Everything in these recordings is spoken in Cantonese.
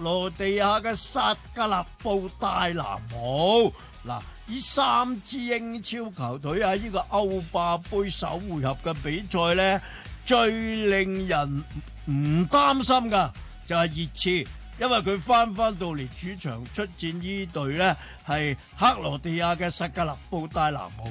羅地亞嘅薩格勒布戴拿模，嗱，呢三支英超球隊啊，呢個歐霸盃首回合嘅比賽咧，最令人唔擔心嘅就係熱刺，因為佢翻翻到嚟主場出戰呢隊咧，係克羅地亞嘅薩格勒布戴拿模。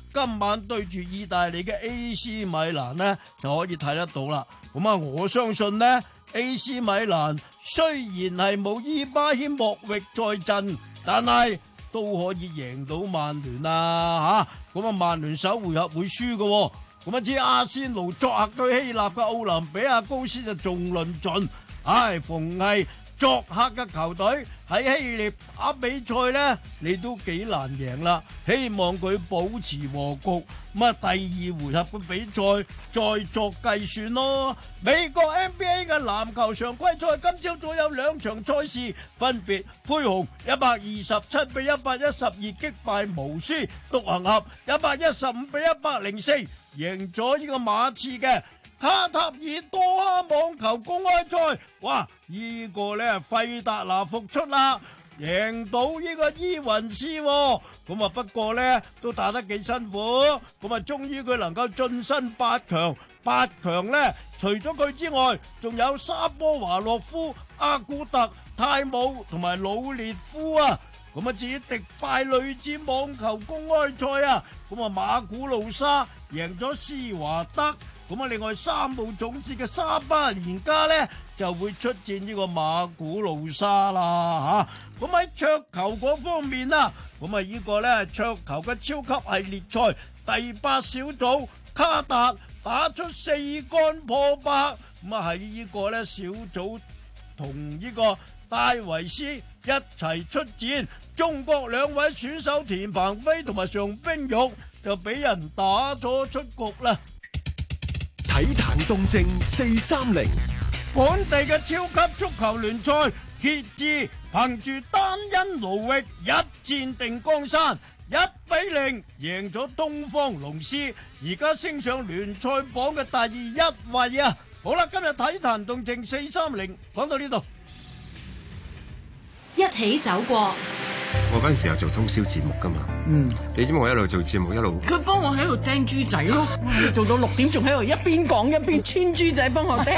今晚對住意大利嘅 AC 米蘭呢，就可以睇得到啦。咁啊，我相信呢，AC 米蘭雖然係冇伊巴謙莫域再陣，但係都可以贏到曼聯啦吓。咁啊，啊曼聯首回合會輸嘅。咁啊，至於阿仙奴作客對希臘嘅奧林比亞高斯就仲論盡，唉、哎，逢係。作客嘅球隊喺希臘打比賽呢，你都幾難贏啦。希望佢保持和局，咁第二回合嘅比賽再作計算咯。美國 NBA 嘅籃球常規賽今朝早有兩場賽事，分別，灰熊一百二十七比一百一十二擊敗巫師，獨行俠一百一十五比一百零四贏咗呢個馬刺嘅。哈塔爾多哈網球公開賽，哇！這個、呢個咧費達拿復出啦，贏到呢個伊雲斯、哦，咁、嗯、啊不過咧都打得幾辛苦，咁、嗯、啊終於佢能夠晉身八強。八強咧除咗佢之外，仲有沙波華洛夫、阿古特、泰姆同埋魯列夫啊。咁、嗯、啊至於迪拜女子網球公開賽啊，咁、嗯、啊馬古路沙贏咗斯華德。咁啊！另外三號種子嘅沙巴連家咧，就會出戰呢個馬古路沙啦吓。咁喺桌球嗰方面啦，咁啊呢個咧桌球嘅超級系列賽第八小組卡達打出四杆破百，咁啊喺呢個咧小組同呢個戴維斯一齊出戰，中國兩位選手田鵬飛同埋常冰玉就俾人打咗出局啦。體壇動靜四三零，本地嘅超級足球聯賽，傑志憑住單一勞役一戰定江山，一比零贏咗東方龍獅，而家升上聯賽榜嘅第一位啊！好啦，今日體壇動靜四三零講到呢度，一起走過。我嗰陣時候做通宵節目噶嘛，嗯，你知唔知我一路做節目一路，佢幫我喺度釘豬仔咯，做到六點仲喺度一邊講一邊穿豬仔幫我釘，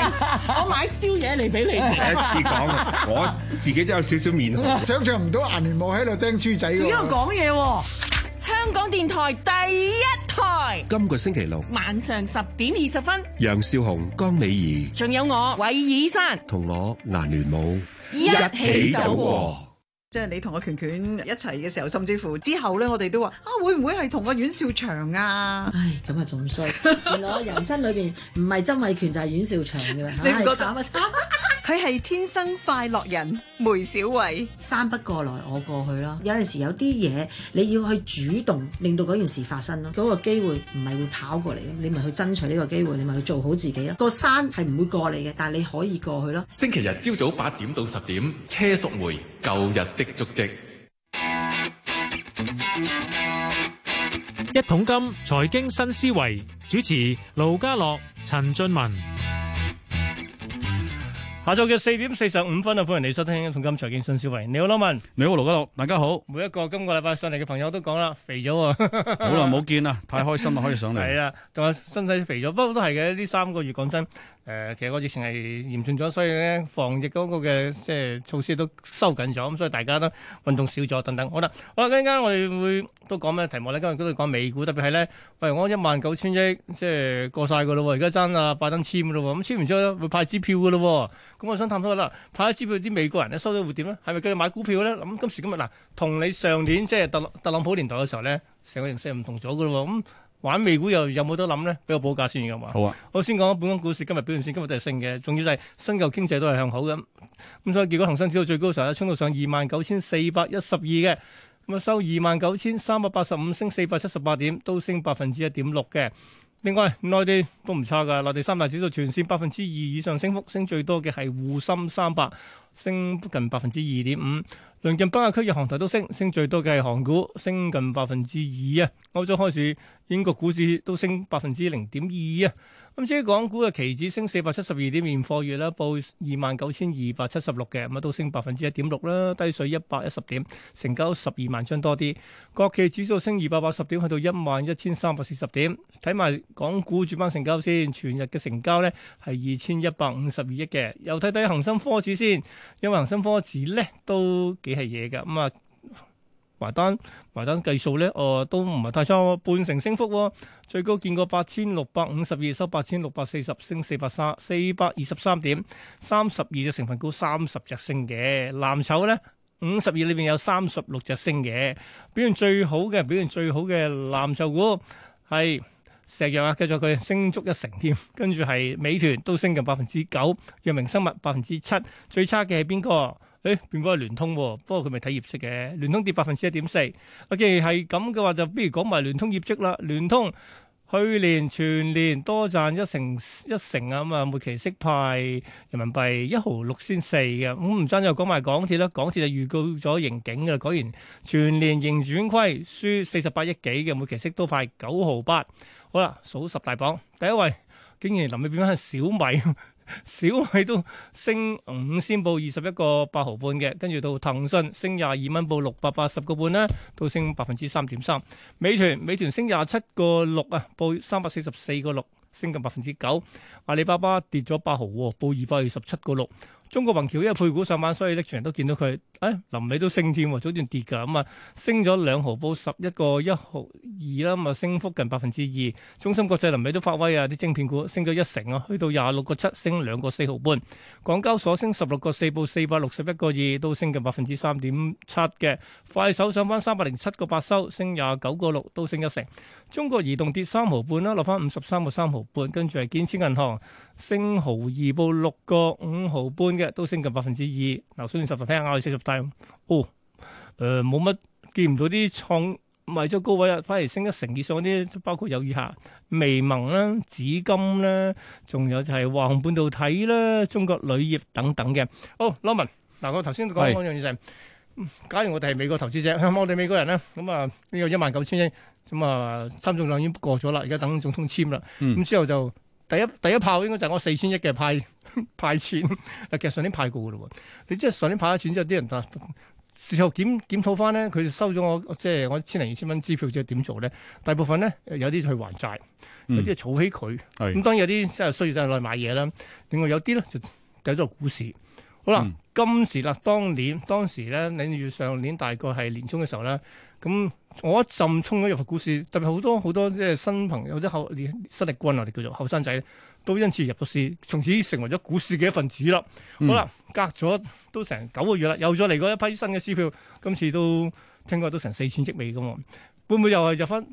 我買宵夜嚟俾你。第一次講，我自己都有少少面紅，想象唔到顏聯武喺度釘豬仔。點解唔講嘢？香港電台第一台，今個星期六晚上十點二十分，楊兆鴻、江美儀，仲有我韋爾山，同我顏聯武一起走過即係你同阿權權一齊嘅時候，甚至乎之後咧，我哋都話啊，會唔會係同個阮兆祥啊？唉，咁啊仲衰， 原來人生裏邊唔係曾偉權就係阮兆祥噶啦， 你唔覺得乜、啊？ 佢係天生快樂人，梅小偉山不過來，我過去咯。有陣時有啲嘢你要去主動令到嗰件事發生咯，嗰個機會唔係會跑過嚟咯，你咪去爭取呢個機會，你咪去做好自己咯。個山係唔會過嚟嘅，但係你可以過去咯。星期日朝早八點到十點，車淑梅舊日的足跡，一桶金財經新思維主持盧家樂、陳俊文。下晝嘅四點四十五分啊，歡迎你收聽一桶金之財經新思維，你好，羅文，你好盧家佬，大家好。每一個今個禮拜上嚟嘅朋友都講啦，肥咗啊， 好耐冇見啦，太開心啦， 可以上嚟。係啊，仲有身體肥咗，不過都係嘅，呢三個月講真。誒，其實我疫情係嚴峻咗，所以咧防疫嗰個嘅即係措施都收緊咗，咁所以大家都運動少咗等等。好啦，好啦，陣間我哋會都講咩題目咧？今日都會講美股，特別係咧，喂、哎，我一萬九千億即係過晒個咯喎，而家爭啊拜登簽嘅咯喎，咁簽完之後咧會派支票嘅咯喎，咁我想探討下啦，派咗支票啲美國人咧收到會點咧？係咪繼續買股票咧？咁今時今日嗱，同你上年即係特特朗普年代嘅時候咧，成個形式唔同咗嘅咯喎咁。玩美股又有冇得諗咧？俾我補價先㗎嘛。好啊，我先講本港股市今日表現先，今日都係升嘅。仲要就係新舊經濟都係向好咁，咁所以結果恒生指數最高時候，衝到上二萬九千四百一十二嘅，咁啊收二萬九千三百八十五，升四百七十八點，都升百分之一點六嘅。另外內地都唔差㗎，內地三大指數全線百分之二以上升幅，升最多嘅係滬深三百，升近百分之二點五。鄰近北亞區嘅韓台都升，升最多嘅係韓股，升近百分之二啊。歐洲開始。英國股市都升百分之零點二啊。咁至於港股嘅期指升四百七十二點現貨月啦，報二萬九千二百七十六嘅，咁啊都升百分之一點六啦，低水一百一十點，成交十二萬張多啲。國企指數升二百八十點，去到一萬一千三百四十點。睇埋港股主板成交先，全日嘅成交咧係二千一百五十二億嘅。又睇睇恒生科指先，因為恒生科指咧都幾係嘢㗎，咁、嗯、啊。埋單埋單計數咧，誒、呃、都唔係太差，半成升幅、哦，最高見過八千六百五十二，收八千六百四十，升四百三四百二十三點，三十二隻成分股三十隻升嘅，藍籌咧五十二裏邊有三十六隻升嘅，表現最好嘅表現最好嘅藍籌股係石藥啊，繼續佢升足一成添，跟住係美團都升近百分之九，藥明生物百分之七，最差嘅係邊個？誒變翻係聯通喎，不過佢未睇業績嘅。聯通跌百分之一點四。既然係咁嘅話，就不如講埋聯通業績啦。聯通去年全年多賺一成一成啊，咁啊，每期息派人民幣一毫六仙四嘅。咁唔爭在講埋港鐵啦。港鐵就預告咗盈警嘅，果然全年盈轉虧，輸四十八億幾嘅，每期息都派九毫八。好啦，數十大榜第一位，竟然臨尾變翻係小米。小米都升五仙，報二十一個八毫半嘅，跟住，到騰訊升廿二蚊報六百八十個半咧，都升百分之三點三。美團美團升廿七個六啊，報三百四十四個六，升近百分之九。阿里巴巴跌咗八毫喎，報二百二十七個六。中國宏橋因為配股上翻，所以啲人都見到佢。哎，臨尾都升添喎，早段跌㗎，咁啊升咗兩毫報十一個一毫二啦，咁啊升幅近百分之二。中芯國際臨尾都發威啊，啲晶片股升咗一成啊，去到廿六個七，升兩個四毫半。港交所升十六個四，報四百六十一個二，都升近百分之三點七嘅。快手上翻三百零七個八收，升廿九個六，都升一成。中國移動跌三毫半啦，落翻五十三個三毫半，跟住係建設銀行升毫二報六個五毫半。都升近百分之二，嗱，雖然十頭聽下嗌四十大，哦，誒，冇乜見唔到啲創埋咗高位啦，反而升一成以上啲，包括有以下、微盟啦、紫金啦，仲有就係華虹半導體啦、中國鋁業等等嘅。哦，Norman 嗱，我頭先講嗰樣嘢就係，假如我哋係美國投資者，香港我哋美國人咧，咁啊，呢個一萬九千億，咁啊，參眾兩已經過咗啦，而家等總統簽啦，咁之後就。第一第一炮應該就係我四千億嘅派派錢，其實上年派過嘅咯喎。你即係上年派咗錢之後，啲人就事後檢檢討翻咧，佢收咗我即係我千零二千蚊支票之後點做咧？大部分咧有啲去還債，有啲儲起佢，咁、嗯、當然有啲真係需要就嚟買嘢啦。另外有啲咧就投咗股市。好啦，嗯、今時啦，當年當時咧，例如上年大概係年中嘅時候咧。咁我一陣衝咗入股市，特別好多好多即係新朋友、啲後新力軍啊，我哋叫做後生仔，都因此入咗市，從此成為咗股市嘅一份子啦。嗯、好啦，隔咗都成九個月啦，又再嚟過一批新嘅支票，今次都聽講都成四千億美金喎，會唔會又係入翻？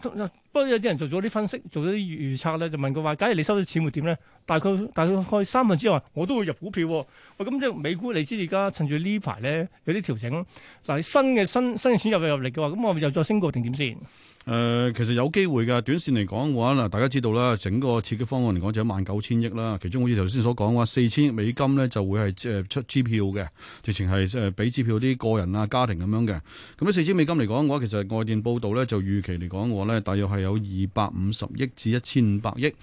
不過有啲人做咗啲分析，做咗啲預測咧，就問佢話，假如你收到錢會點咧？大概大概三分之外，我都會入股票。哦。喂、嗯，咁即係美股，你知而家趁住呢排咧有啲調整。但嗱，新嘅新新嘅錢入嚟入嚟嘅話，咁我咪又再升個定點先？誒、呃，其實有機會噶，短線嚟講嘅話嗱，大家知道啦，整個刺激方案嚟講就係萬九千億啦。其中好似頭先所講嘅話，四千億美金咧就會係即係出支票嘅，直情係即係俾支票啲個人啊、家庭咁樣嘅。咁啲四千美金嚟講嘅話，其實外電報道咧就預期嚟講嘅話，我咧大約係有二百五十億至一千五百億。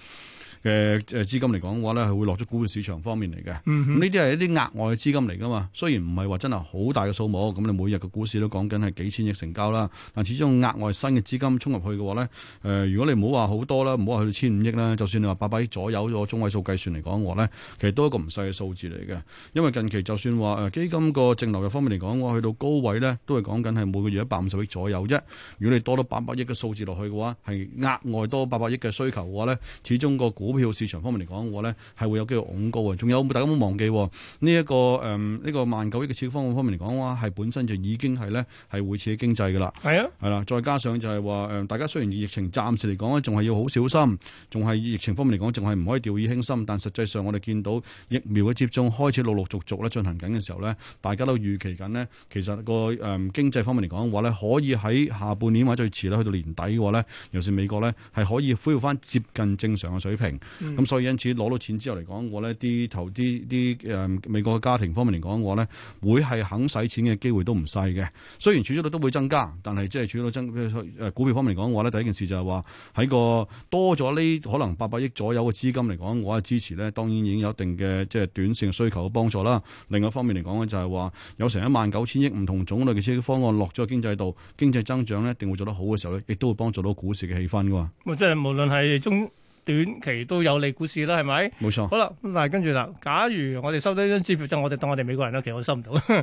嘅誒資金嚟講嘅話咧，係會落咗股票市場方面嚟嘅。呢啲係一啲額外嘅資金嚟噶嘛。雖然唔係話真係好大嘅數目，咁你每日嘅股市都講緊係幾千億成交啦。但始終額外新嘅資金衝入去嘅話咧，誒、呃、如果你唔好話好多啦，唔好話去到千五億啦，就算你話八百億左右，做個中位數計算嚟講嘅話咧，其實都係一個唔細嘅數字嚟嘅。因為近期就算話誒、呃、基金個淨流入方面嚟講嘅話，去到高位咧，都係講緊係每個月一百五十億左右啫。如果你多咗八百億嘅數字落去嘅話，係額外多八百億嘅需求嘅話咧，始終個股股票市場方面嚟講，嘅話咧係會有機會昂高嘅。仲有，大家冇忘記呢一、這個誒呢、嗯這個萬九億嘅刺激方案方面嚟講，哇，係本身就已經係咧係會刺激經濟嘅啦。係啊的，係啦，再加上就係話誒，大家雖然疫情暫時嚟講咧，仲係要好小心，仲係疫情方面嚟講，仲係唔可以掉以輕心。但實際上，我哋見到疫苗嘅接種開始陸陸續續咧進行緊嘅時候咧，大家都預期緊呢。其實、那個誒、嗯、經濟方面嚟講嘅話咧，可以喺下半年或者最遲啦去到年底嘅話咧，尤其是美國咧，係可以恢復翻接近正常嘅水平。咁、嗯、所以因此攞到錢之後嚟講，我咧啲投資啲啲誒美國嘅家庭方面嚟講，我咧會係肯使錢嘅機會都唔細嘅。雖然儲蓄率都會增加，但係即係儲蓄率增誒，股票方面嚟講我話咧，第一件事就係話喺個多咗呢可能八百億左右嘅資金嚟講，我嘅支持呢當然已經有一定嘅即係短線需求嘅幫助啦。另外一方面嚟講咧，就係話有成一萬九千億唔同種類嘅方案落咗去經濟度，經濟增長咧一定會做得好嘅時候咧，亦都會幫助到股市嘅氣氛噶。即係無論係中。短期都有利股市啦，係咪？冇錯錯。好啦，嗱，跟住啦，假如我哋收到呢張支票，就我哋當我哋美國人啦，其實我收唔到，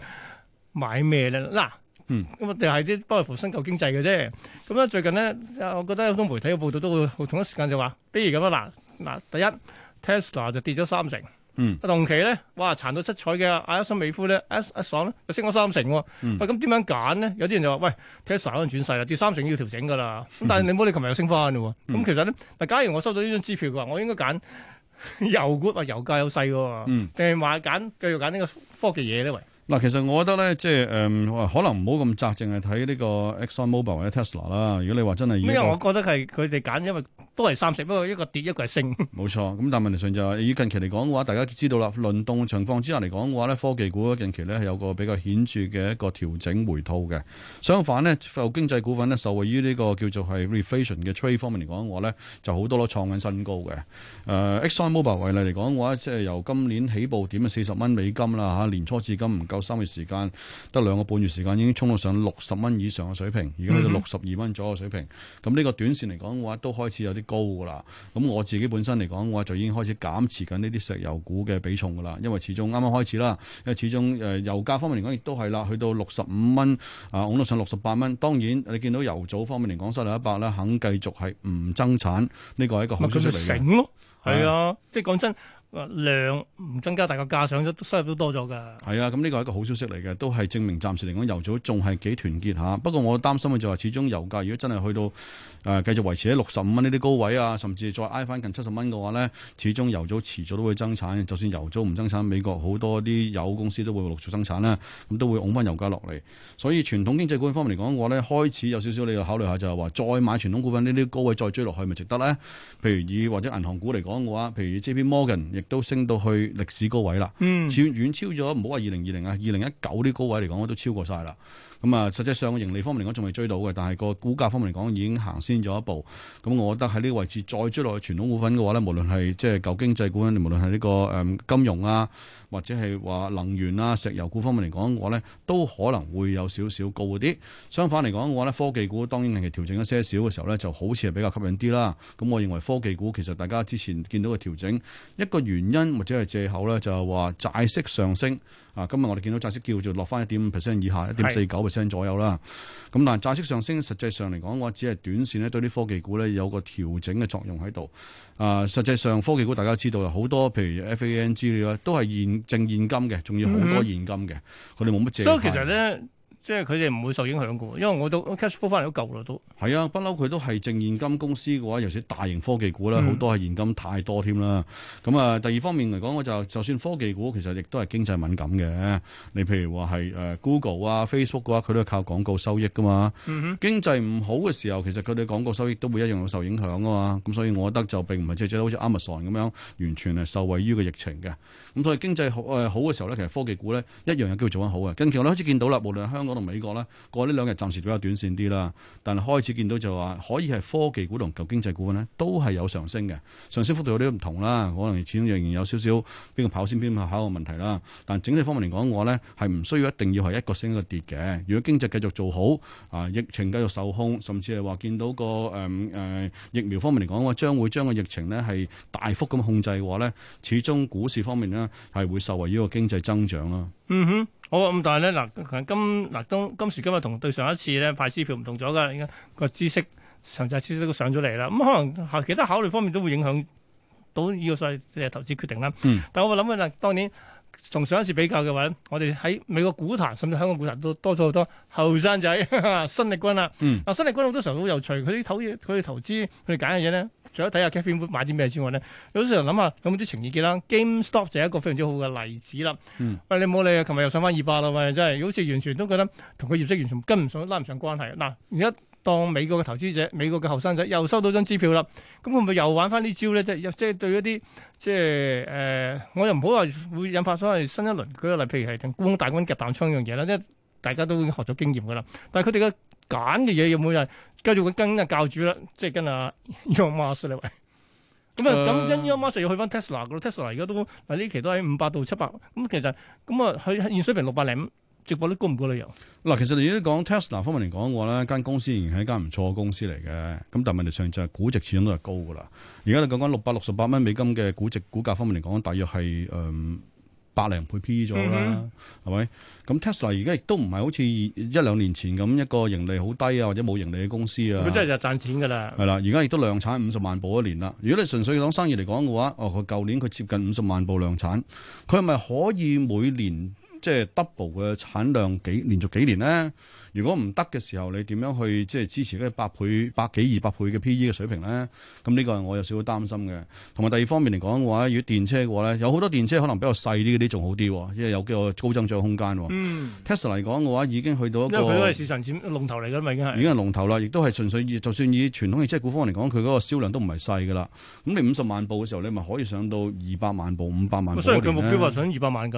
買咩咧？嗱，咁啊、嗯，定係啲不外乎新舊經濟嘅啫。咁咧最近咧，我覺得好多媒體嘅報道都會好同一時間就話，比如咁啦，嗱，第一 Tesla 就跌咗三成。嗯、同期咧，哇，殘到七彩嘅阿阿森美孚咧 s x 咧升咗三成喎、哦嗯啊。喂，咁點樣揀呢？有啲人就話，喂，Tesla 可能轉勢啦，跌三成要調整噶啦。咁但係你唔好理，琴日又升翻咯喎。咁其實咧，嗱、嗯，嗯、假如我收到呢張支票嘅話，我應該揀油股，話油價有勢喎。定係話揀繼續揀呢個科技嘢呢？喂，嗱，其實我覺得咧，即係誒，可能唔好咁窄，淨係睇呢個 Exxon Mobile 或者 Tesla 啦。如果你話真係要，我覺得係佢哋揀，因為。都係三十，不過一個跌，一個係升。冇錯，咁但係問題上就係、是，以近期嚟講嘅話，大家知道啦，輪動情況之下嚟講嘅話咧，科技股近期咧係有個比較顯著嘅一個調整回吐嘅。相反咧，受經濟股份呢受惠於呢個叫做係 reflation 嘅 trade 方面嚟講，我咧就好多都創緊新高嘅。呃、Exxon Mobile 為例嚟講嘅話，即係由今年起步點啊四十蚊美金啦嚇，年初至今唔夠三個月時間，得兩個半月時間已經衝到上六十蚊以上嘅水平，而家去到六十二蚊左右嘅水平。咁呢、mm hmm. 個短線嚟講嘅話，都開始有啲。高噶啦，咁我自己本身嚟講，我就已經開始減持緊呢啲石油股嘅比重噶啦，因為始終啱啱開始啦，因為始終誒油價方面嚟講亦都係啦，去到六十五蚊啊，谷到上六十八蚊。當然你見到油組方面嚟講，失靈一百咧，肯繼續係唔增產，呢、這個係一個好。咪佢就咯，係啊，嗯、即係講真。量唔增加大價，但個價上咗，收入都多咗噶。係啊，咁呢個係一個好消息嚟嘅，都係證明暫時嚟講，油組仲係幾團結吓。不過我擔心嘅就係，始終油價如果真係去到誒繼、呃、續維持喺六十五蚊呢啲高位啊，甚至再挨翻近七十蚊嘅話呢，始終油組遲早都會增產。就算油組唔增產，美國好多啲油公司都會陸續增產啦，咁都會拱翻油價落嚟。所以傳統經濟股方面嚟講嘅話呢，開始有少少你要考慮下就，就係話再買傳統股份呢啲高位再追落去，咪值得呢？譬如以或者銀行股嚟講嘅話，譬如 JP Morgan 都升到去歷史高位啦，遠、嗯、遠超咗唔好話二零二零啊，二零一九啲高位嚟講，都超過晒啦。咁啊，實際上個盈利方面嚟講仲未追到嘅，但係個股價方面嚟講已經行先咗一步。咁我覺得喺呢個位置再追落去傳統股份嘅話咧，無論係即係舊經濟股份，無論係呢個誒金融啊，或者係話能源啊、石油股方面嚟講嘅話咧，都可能會有少少高啲。相反嚟講嘅話咧，科技股當然近期調整一些少嘅時候咧，就好似係比較吸引啲啦。咁我認為科技股其實大家之前見到嘅調整一個原因或者係借口咧，就係話債息上升。啊，今日我哋見到債息叫做落翻一點五 percent 以下，一點四九 percent 左右啦，咁但係債息上升，實際上嚟講，我只係短線咧，對啲科技股咧有個調整嘅作用喺度。啊、呃，實際上科技股大家知道啊，好多譬如 FANG 之類都係現淨現金嘅，仲要好多現金嘅，佢哋冇乜借貸。所以其實咧。即係佢哋唔會受影響嘅，因為我都 cash flow 翻嚟都夠啦，都係啊，不嬲佢都係淨現金公司嘅話，尤其大型科技股啦，好、嗯、多係現金太多添啦。咁啊、呃，第二方面嚟講、就是，我就就算科技股其實亦都係經濟敏感嘅。你譬如話係誒 Google 啊、Facebook 嘅話，佢都係靠廣告收益噶嘛。嗯、哼經濟唔好嘅時候，其實佢哋廣告收益都會一樣會受影響噶嘛。咁所以我覺得就並唔係即係好似 Amazon 咁樣完全係受惠於個疫情嘅。咁所以經濟好嘅、呃、時候咧，其實科技股咧一樣有機會做得好嘅。跟住我哋開始見到啦，無論香港，同美國咧，過呢兩日暫時比較短線啲啦，但係開始見到就話可以係科技股同舊經濟股咧，都係有上升嘅，上升幅度有啲唔同啦。可能始終仍然有少少邊個跑先邊個跑嘅問題啦。但整體方面嚟講，我咧係唔需要一定要係一個升一個跌嘅。如果經濟繼續做好啊，疫情繼續受控，甚至係話見到個誒誒、嗯呃、疫苗方面嚟講嘅話，將會將個疫情咧係大幅咁控制嘅話咧，始終股市方面咧係會受惠於個經濟增長啦、啊。嗯哼。好啊，咁但係呢嗱，今嗱今今時今日同對上一次咧派支票唔同咗㗎，依家個知識長債知識都上咗嚟啦，咁可能其他考慮方面都會影響到呢個細嘅投資決定啦。嗯，但我會諗啊，嗱，當年。從上一次比較嘅話我哋喺美國股壇，甚至香港股壇都多咗好多後生仔新力軍啦。啊，新力軍好、啊嗯、多時候好有趣，佢啲投佢哋投資佢哋揀嘅嘢咧，除咗睇下 Cathie Wood 買啲咩之外咧，有時諗下有冇啲情意結啦。GameStop 就係一個非常之好嘅例子啦。喂、嗯哎，你冇理啊，琴日又上翻二百啦，咪、哎、真係好似完全都覺得同佢業績完全跟唔上、拉唔上關係。嗱，而家。當美國嘅投資者、美國嘅後生仔又收到張支票啦，咁會唔會又玩翻呢招咧？即係即係對一啲即係誒，我又唔好話會引發所謂新一輪舉個例，譬如係供大軍夾彈槍一樣嘢啦，即大家都已經學咗經驗噶啦。但係佢哋嘅揀嘅嘢有冇係繼續會跟阿教主啦？即係跟阿奧馬斯咧？咁啊、呃，咁跟 a 馬斯要去翻特斯拉，Tesla 而家都嗱呢期都喺五百到七百，咁其實咁啊，佢現水平六百零五。直播值？你高唔高？你入嗱，其實你如果講 Tesla 方面嚟講嘅話咧，間公司仍然係間唔錯嘅公司嚟嘅。咁但係問題上就係估值始終都係高噶啦。而家你講緊六百六十八蚊美金嘅估值、股價方面嚟講，大約係誒、呃、百零倍 P 咗啦，係咪、嗯哼？咁 Tesla 而家亦都唔係好似一,一兩年前咁一,一個盈利好低啊，或者冇盈利嘅公司啊。佢真係就賺錢㗎啦。係啦，而家亦都量產五十萬部一年啦。如果你純粹講生意嚟講嘅話，哦，佢舊年佢接近五十萬部量產，佢係咪可以每年？即係 double 嘅產量幾連續幾年咧？如果唔得嘅時候，你點樣去即係支持呢？百倍、百幾、二百倍嘅 P/E 嘅水平咧？咁呢個係我有少少擔心嘅。同埋第二方面嚟講嘅話，如果電車嘅話咧，有好多電車可能比較細啲嗰啲仲好啲，因為有機會高增長空間。Tesla 嚟講嘅話，已經去到一個因為佢都係市場尖龍頭嚟嘅，已經係已經係龍頭啦。亦都係純粹就算以傳統汽車股方嚟講，佢嗰個銷量都唔係細㗎啦。咁你五十萬部嘅時候，你咪可以上到二百萬部、五百萬部嗰啲咧。雖然佢目標話上二百萬㗎。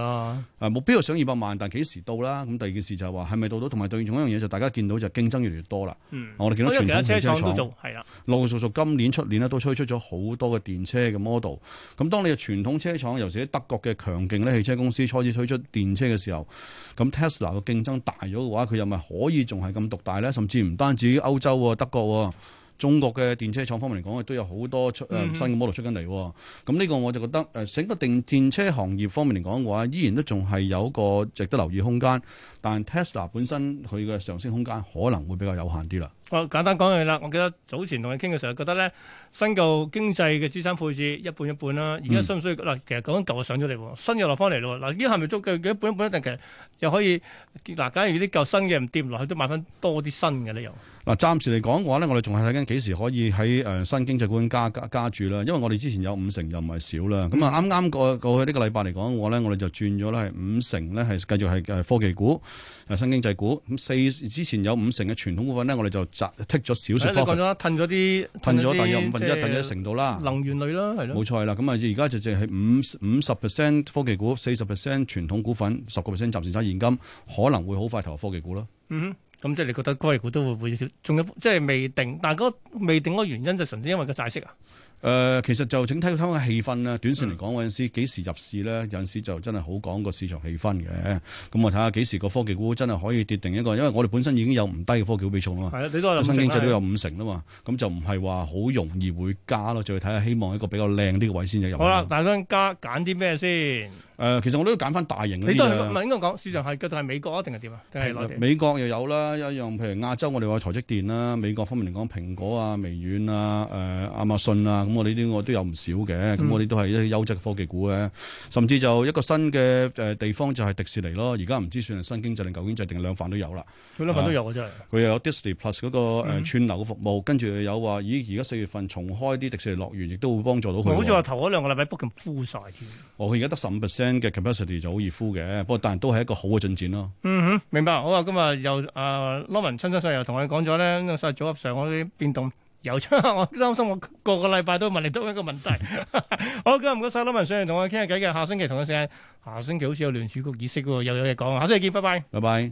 啊，目標係想二百萬，但係幾時到啦？咁第二件事就係話係咪到到？同埋對住嘢就大家見到就競爭越嚟越多啦。嗯，我哋見到傳統汽車廠，車廠都做，係啦。陸陸續續今年出年咧都推出咗好多嘅電車嘅 model。咁當你嘅傳統車廠，尤其喺德國嘅強勁咧汽車公司，開始推出電車嘅時候，咁 Tesla 嘅競爭大咗嘅話，佢又咪可以仲係咁獨大咧？甚至唔單止於歐洲喎，德國喎。中國嘅電車廠方面嚟講，亦都有好多出誒、呃、新嘅 model 出緊嚟。咁呢、嗯、個我就覺得誒整個電電車行業方面嚟講嘅話，依然都仲係有個值得留意空間，但 Tesla 本身佢嘅上升空間可能會比較有限啲啦。我簡單講嘢啦。我記得早前同你傾嘅時候，覺得咧新舊經濟嘅資產配置一半一半啦。而家需唔需要嗱？其實講緊舊嘅上咗嚟，新嘅落翻嚟咯。嗱，依家係咪足夠一半一半一定？其實又可以嗱，假如啲舊新嘅唔跌落去，都買翻多啲新嘅咧又。嗱，暫時嚟講嘅話咧，我哋仲係睇緊幾時可以喺誒新經濟股加加加住啦。因為我哋之前有五成又唔係少啦。咁啊，啱啱過過去呢個禮拜嚟講嘅話咧，我哋就轉咗咧係五成咧係繼續係科技股、新經濟股。咁四之前有五成嘅傳統股份咧，我哋就砸剔咗少少，你講咗褪咗啲，褪咗大約五分之一褪咗程度啦，能源類啦，係咯，冇錯啦。咁啊，而家就淨係五五十 percent 科技股，四十 percent 傳統股份，十個 percent 暫時揸現金，可能會好快投入科技股咯。嗯哼，咁即係你覺得科技股都會唔會仲有即係未定，但係嗰未定嗰原因就純粹因為個債息啊。誒、呃，其實就整體睇翻嘅氣氛啦。短線嚟講，有陣時幾時入市咧？有陣時就真係好講個市場氣氛嘅。咁我睇下幾時個科技股真係可以跌定一個，因為我哋本身已經有唔低嘅科技股比重啊嘛。係啊，你都有新經濟都有五成啦嘛。咁就唔係話好容易會加咯，就要睇下希望一個比較靚啲嘅位先入。好啦，大家加揀啲咩先？誒、呃，其實我都要揀翻大型嗰啲。你都係唔係應該講市場係嘅？但係美國啊，定係點啊？啊美國又有啦，一樣譬如亞洲，我哋話台積電啦。美國方面嚟講，蘋果啊、微軟啊、誒、呃、亞馬遜啊，咁我哋呢啲我都有唔少嘅。咁、嗯、我哋都係一啲優質嘅科技股嘅。甚至就一個新嘅誒地方就係迪士尼咯。而家唔知算係新經濟定舊經濟定兩份都有啦。佢兩份都有啊！有真係佢又有 Disney Plus 嗰、那個、嗯、串流嘅服務，跟住又有話咦？而家四月份重開啲迪士尼樂園，亦都會幫助到佢、嗯。好似話頭嗰兩個禮拜 book 緊 full seat。哦，佢而家得十五 percent。嘅 capacity 就好易敷嘅，不過但係都係一個好嘅進展咯。嗯哼，明白。好啊，今日又啊，Lawrence 親親細又同我哋講咗咧，細組合上嗰啲變動由出，我擔心我個個禮拜都問你都一個問題。 好，今日唔該晒，Lawrence 上嚟，同我傾下偈嘅。下星期同一時間，下星期好似有聯儲局議息，又有嘢講，下星期見，拜拜 bye bye，拜拜。